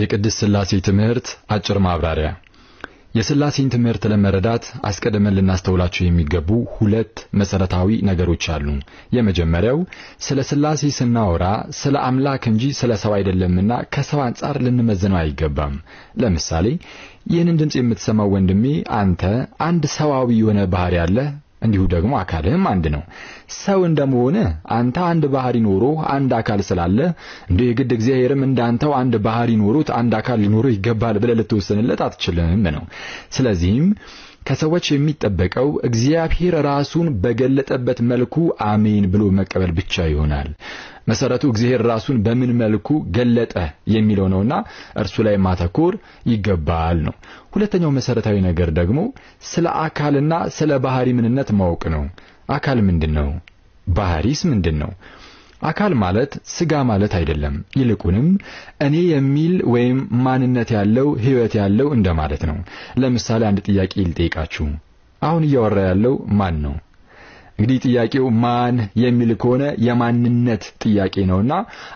የቅድስት ሥላሴ ትምህርት አጭር ማብራሪያ። የሥላሴን ትምህርት ለመረዳት አስቀድመን ልናስተውላቸው የሚገቡ ሁለት መሰረታዊ ነገሮች አሉ። የመጀመሪያው ስለ ሥላሴ ስናወራ ስለ አምላክ እንጂ ስለ ሰው አይደለምና ከሰው አንጻር ልንመዝነው አይገባም። ለምሳሌ ይህንን ድምፅ የምትሰማው ወንድሜ አንተ አንድ ሰዋዊ የሆነ ባህሪ ያለህ እንዲሁ ደግሞ አካልህም አንድ ነው። ሰው እንደመሆነ አንተ አንድ ባህሪ ኖሮ አንድ አካል ስላለ እንዲሁ የግድ እግዚአብሔርም እንዳንተው አንድ ባህሪ ኖሮት አንድ አካል ሊኖረው ይገባል ብለህ ልትወሰንለት አትችልም ነው። ስለዚህም ከሰዎች የሚጠበቀው እግዚአብሔር ራሱን በገለጠበት መልኩ አሜን ብሎ መቀበል ብቻ ይሆናል። መሰረቱ እግዚአብሔር ራሱን በምን መልኩ ገለጠ የሚለው ነውና እርሱ ላይ ማተኮር ይገባል ነው። ሁለተኛው መሰረታዊ ነገር ደግሞ ስለ አካልና ስለ ባህሪ ምንነት ማወቅ ነው። አካል ምንድን ነው? ባህሪስ ምንድን ነው? አካል ማለት ስጋ ማለት አይደለም። ይልቁንም እኔ የሚል ወይም ማንነት ያለው ህይወት ያለው እንደማለት ነው። ለምሳሌ አንድ ጥያቄ ልጠይቃችሁ። አሁን እያወራ ያለው ማን ነው? እንግዲህ ጥያቄው ማን የሚል ከሆነ የማንነት ጥያቄ ነውና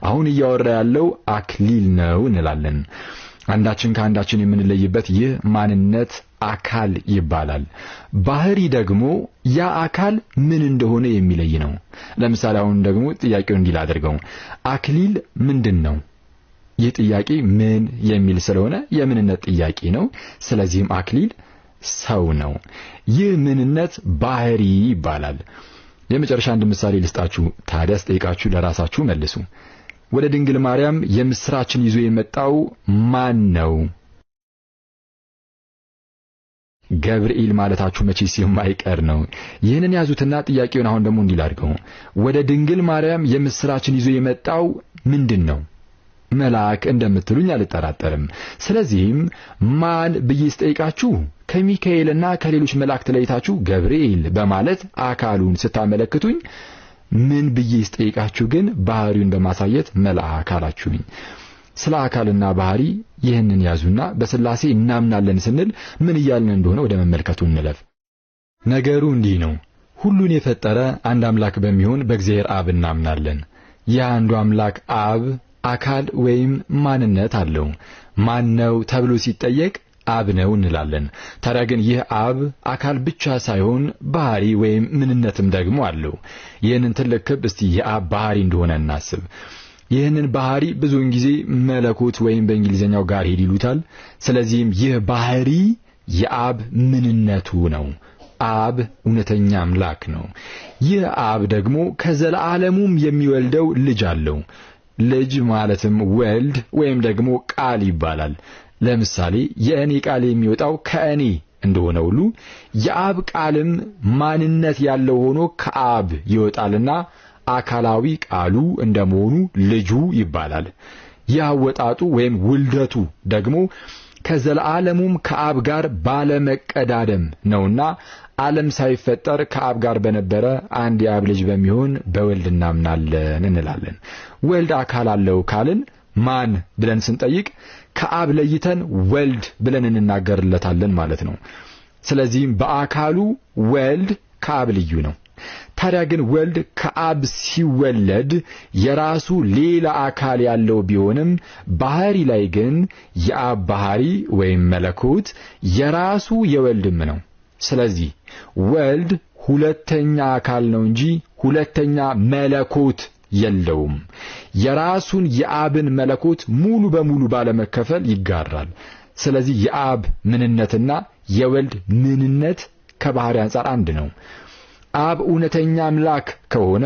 አሁን እያወራ ያለው አክሊል ነው እንላለን። አንዳችን ከአንዳችን የምንለይበት ይህ ማንነት አካል ይባላል። ባህሪ ደግሞ ያ አካል ምን እንደሆነ የሚለይ ነው። ለምሳሌ አሁን ደግሞ ጥያቄው እንዲል አድርገው፣ አክሊል ምንድን ነው? ይህ ጥያቄ ምን የሚል ስለሆነ የምንነት ጥያቄ ነው። ስለዚህም አክሊል ሰው ነው። ይህ ምንነት ባህሪ ይባላል። የመጨረሻ አንድ ምሳሌ ልስጣችሁ፣ ታዲያ ስጠይቃችሁ ለራሳችሁ መልሱ። ወደ ድንግል ማርያም የምሥራችን ይዞ የመጣው ማን ነው? ገብርኤል ማለታችሁ መቼስ የማይቀር ነው። ይህንን ያዙትና ጥያቄውን አሁን ደግሞ እንዲህ አድርገው ወደ ድንግል ማርያም የምሥራችን ይዞ የመጣው ምንድን ነው? መልአክ እንደምትሉኝ አልጠራጠርም። ስለዚህም ማን ብዬ ስጠይቃችሁ ከሚካኤልና ከሌሎች መላእክት ለይታችሁ ገብርኤል በማለት አካሉን ስታመለክቱኝ ምን ብዬ ስጠይቃችሁ ግን ባህሪውን በማሳየት መልአክ አላችሁኝ። ስለ አካልና ባህሪ ይህንን ያዙና በስላሴ እናምናለን ስንል ምን እያልን እንደሆነ ወደ መመልከቱ እንለፍ። ነገሩ እንዲህ ነው። ሁሉን የፈጠረ አንድ አምላክ በሚሆን በእግዚአብሔር አብ እናምናለን። የአንዱ አንዱ አምላክ አብ አካል ወይም ማንነት አለው። ማን ነው ተብሎ ሲጠየቅ አብ ነው እንላለን። ታዲያ ግን ይህ አብ አካል ብቻ ሳይሆን ባህሪ ወይም ምንነትም ደግሞ አለው። ይህንን ትልቅ ክብ እስቲ የአብ ባህሪ እንደሆነ እናስብ። ይህንን ባህሪ ብዙውን ጊዜ መለኮት ወይም በእንግሊዝኛው ሄድ ይሉታል። ስለዚህም ይህ ባህሪ የአብ ምንነቱ ነው። አብ እውነተኛ አምላክ ነው። ይህ አብ ደግሞ ከዘላለሙም የሚወልደው ልጅ አለው። ልጅ ማለትም ወልድ ወይም ደግሞ ቃል ይባላል። ለምሳሌ የእኔ ቃል የሚወጣው ከእኔ እንደሆነ ሁሉ የአብ ቃልም ማንነት ያለው ሆኖ ከአብ ይወጣልና አካላዊ ቃሉ እንደመሆኑ ልጁ ይባላል። ያወጣጡ ወይም ውልደቱ ደግሞ ከዘላለሙም ከአብ ጋር ባለመቀዳደም ነውና ዓለም ሳይፈጠር ከአብ ጋር በነበረ አንድ የአብ ልጅ በሚሆን በወልድ እናምናለን እንላለን። ወልድ አካል አለው ካልን ማን ብለን ስንጠይቅ ከአብ ለይተን ወልድ ብለን እንናገርለታለን ማለት ነው። ስለዚህም በአካሉ ወልድ ከአብ ልዩ ነው። ታዲያ ግን ወልድ ከአብ ሲወለድ የራሱ ሌላ አካል ያለው ቢሆንም ባህሪ ላይ ግን የአብ ባህሪ ወይም መለኮት የራሱ የወልድም ነው። ስለዚህ ወልድ ሁለተኛ አካል ነው እንጂ ሁለተኛ መለኮት የለውም። የራሱን የአብን መለኮት ሙሉ በሙሉ ባለመከፈል ይጋራል። ስለዚህ የአብ ምንነትና የወልድ ምንነት ከባህሪ አንጻር አንድ ነው። አብ እውነተኛ አምላክ ከሆነ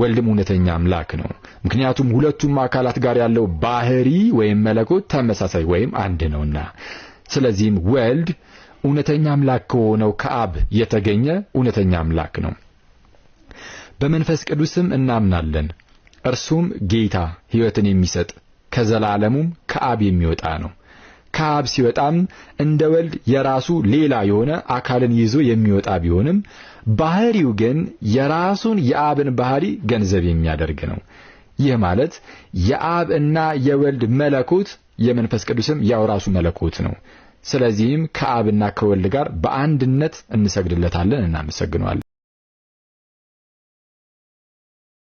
ወልድም እውነተኛ አምላክ ነው። ምክንያቱም ሁለቱም አካላት ጋር ያለው ባህሪ ወይም መለኮት ተመሳሳይ ወይም አንድ ነውና። ስለዚህም ወልድ እውነተኛ አምላክ ከሆነው ከአብ የተገኘ እውነተኛ አምላክ ነው። በመንፈስ ቅዱስም እናምናለን። እርሱም ጌታ ሕይወትን የሚሰጥ ከዘላለሙም ከአብ የሚወጣ ነው። ከአብ ሲወጣም እንደ ወልድ የራሱ ሌላ የሆነ አካልን ይዞ የሚወጣ ቢሆንም ባህሪው ግን የራሱን የአብን ባህሪ ገንዘብ የሚያደርግ ነው። ይህ ማለት የአብ እና የወልድ መለኮት የመንፈስ ቅዱስም ያው ራሱ መለኮት ነው። ስለዚህም ከአብና ከወልድ ጋር በአንድነት እንሰግድለታለን፣ እናመሰግነዋለን።